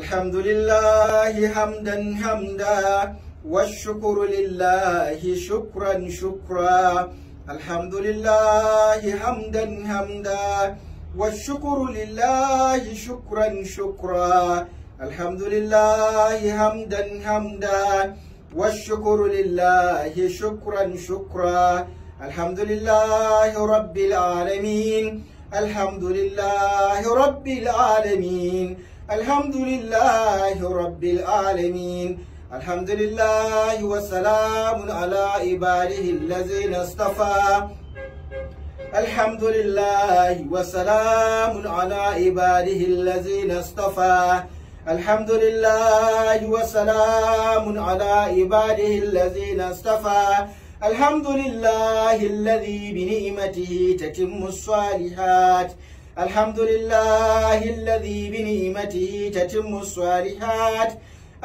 الحمد لله حمدا حمدا والشكر لله شكرا شكرا الحمد لله حمدا حمدا والشكر لله شكرا شكرا الحمد لله حمدا حمدا والشكر لله شكرا شكرا الحمد لله رب العالمين الحمد لله رب العالمين الحمد لله رب العالمين الحمد لله وسلام على عباده الذين اصطفى الحمد لله وسلام على عباده الذين اصطفى الحمد لله وسلام على عباده الذين اصطفى الحمد لله الذي بنعمته تتم الصالحات الحمد لله الذي بنعمته تتم الصالحات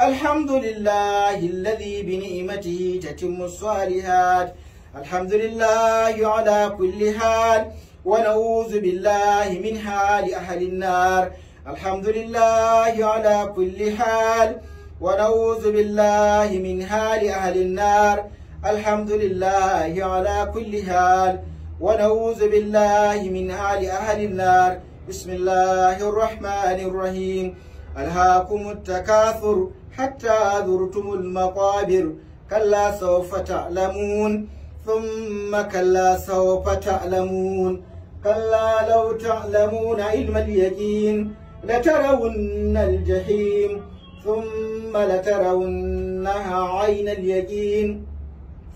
الحمد لله الذي بنعمته تتم الصالحات الحمد لله على كل حال ونعوذ بالله من حال أهل النار الحمد لله على كل حال ونعوذ بالله من حال أهل النار الحمد لله على كل حال ونعوذ بالله من آل أهل النار بسم الله الرحمن الرحيم ألهاكم التكاثر حتى زرتم المقابر كلا سوف تعلمون ثم كلا سوف تعلمون كلا لو تعلمون علم اليقين لترون الجحيم ثم لترونها عين اليقين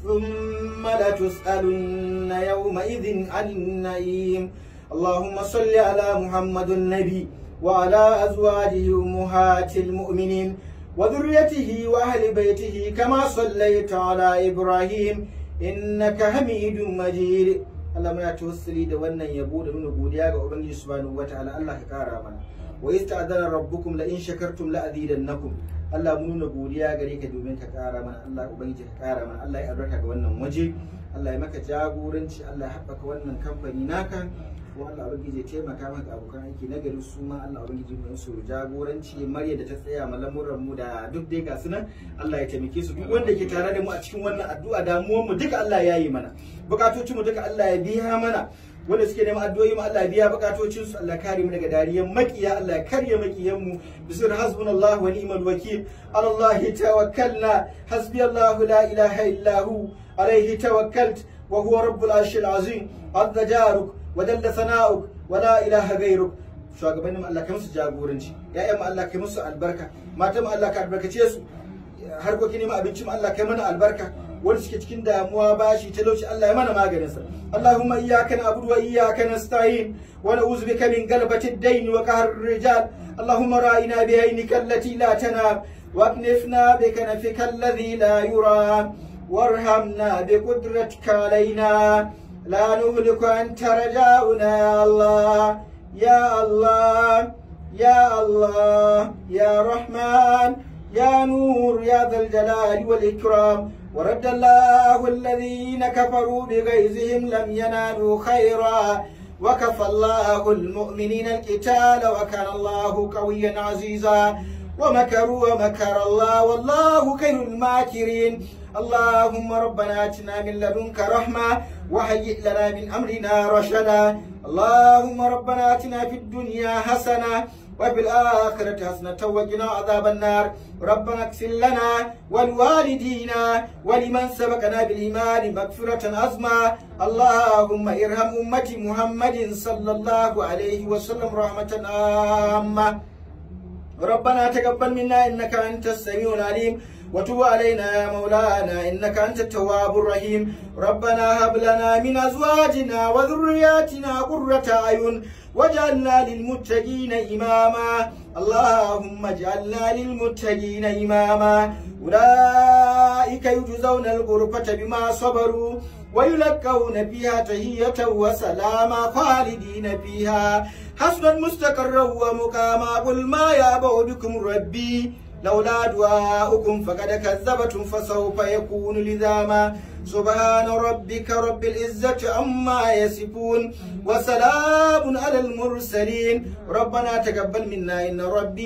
ثم لتسألن يومئذ عن النعيم اللهم صل على محمد النبي وعلى أزواجه أمهات المؤمنين وذريته وأهل بيته كما صليت على إبراهيم إنك حميد مجيد Allah muna tawassuli da wannan yabo da nuna godiya ga Ubangiji subhanahu wataala Allah ka kara mana wa rabbu rabbukum la in shakartum la azidannakum Allah mu nuna godiya gare ka domin ka kara mana Allah Ubangiji ka kara mana Allah ya albarka ga wannan waje Allah ya maka jagoranci Allah ya haɓaka wannan kamfani naka ko Allah ubangiji ya taimaka maka abokan aiki na garin su ma Allah ubangiji mai su jagoranci Maryam da ta tsaya ma lamuran mu da duk dai gasu nan Allah ya taimake su duk wanda ke tare da mu a cikin wannan addu'a damuwar mu duka Allah ya yi mana bukatocin mu duka Allah ya biya mana wanda suke neman addu'o'i ma Allah biya bukatocin su Allah kare mu daga dariyan makiya Allah karya makiyan mu bisir hasbunallahu wa ni'mal wakil Allah tawakkalna hasbiyallahu la ilaha illa hu alayhi tawakkalt wa huwa rabbul arshil azim ad ودل ثناؤك ولا إله غيرك شو أقبلنا الله كمس جابورنج يا إما الله كمس البركة ما تم الله كالبركة يسوع هرقو كني ما بنشم الله كمن البركة ولسك كن دا مواباشي تلوش الله ما ما جنس اللهم إياك نعبد وإياك نستعين ونعوذ بك من قلبة الدين وكهر الرجال اللهم رأينا بعينك التي لا وابنفنا واكنفنا بكنفك الذي لا يرى وارحمنا بقدرتك علينا لا نهلك أنت رجاؤنا يا الله يا الله يا الله يا رحمن يا نور يا ذا الجلال والإكرام ورد الله الذين كفروا بغيظهم لم ينالوا خيرا وكفى الله المؤمنين القتال وكان الله قويا عزيزا ومكروا ومكر الله والله خير الماكرين اللهم ربنا اتنا من لدنك رحمه وهيئ لنا من امرنا رشدا اللهم ربنا اتنا في الدنيا حسنه وفي الآخرة حسنة وقنا عذاب النار ربنا اغفر لنا ولوالدينا ولمن سبقنا بالإيمان مغفرة عظمى اللهم ارحم أمة محمد صلى الله عليه وسلم رحمة عامة ربنا تقبل منا إنك أنت السميع العليم وتب علينا يا مولانا إنك أنت التواب الرحيم ربنا هب لنا من أزواجنا وذرياتنا قرة أعين واجعلنا للمتقين إماما اللهم اجعلنا للمتقين إماما أولئك يجزون الغرفة بما صبروا ويلقون فيها تهية وسلاما خالدين فيها حسنا مستقرا ومقاما قل ما يابو بكم ربي لولا دعاؤكم فقد كذبتم فسوف يكون لزاما سبحان ربك رب العزة عما يصفون وسلام على المرسلين ربنا تقبل منا إن ربي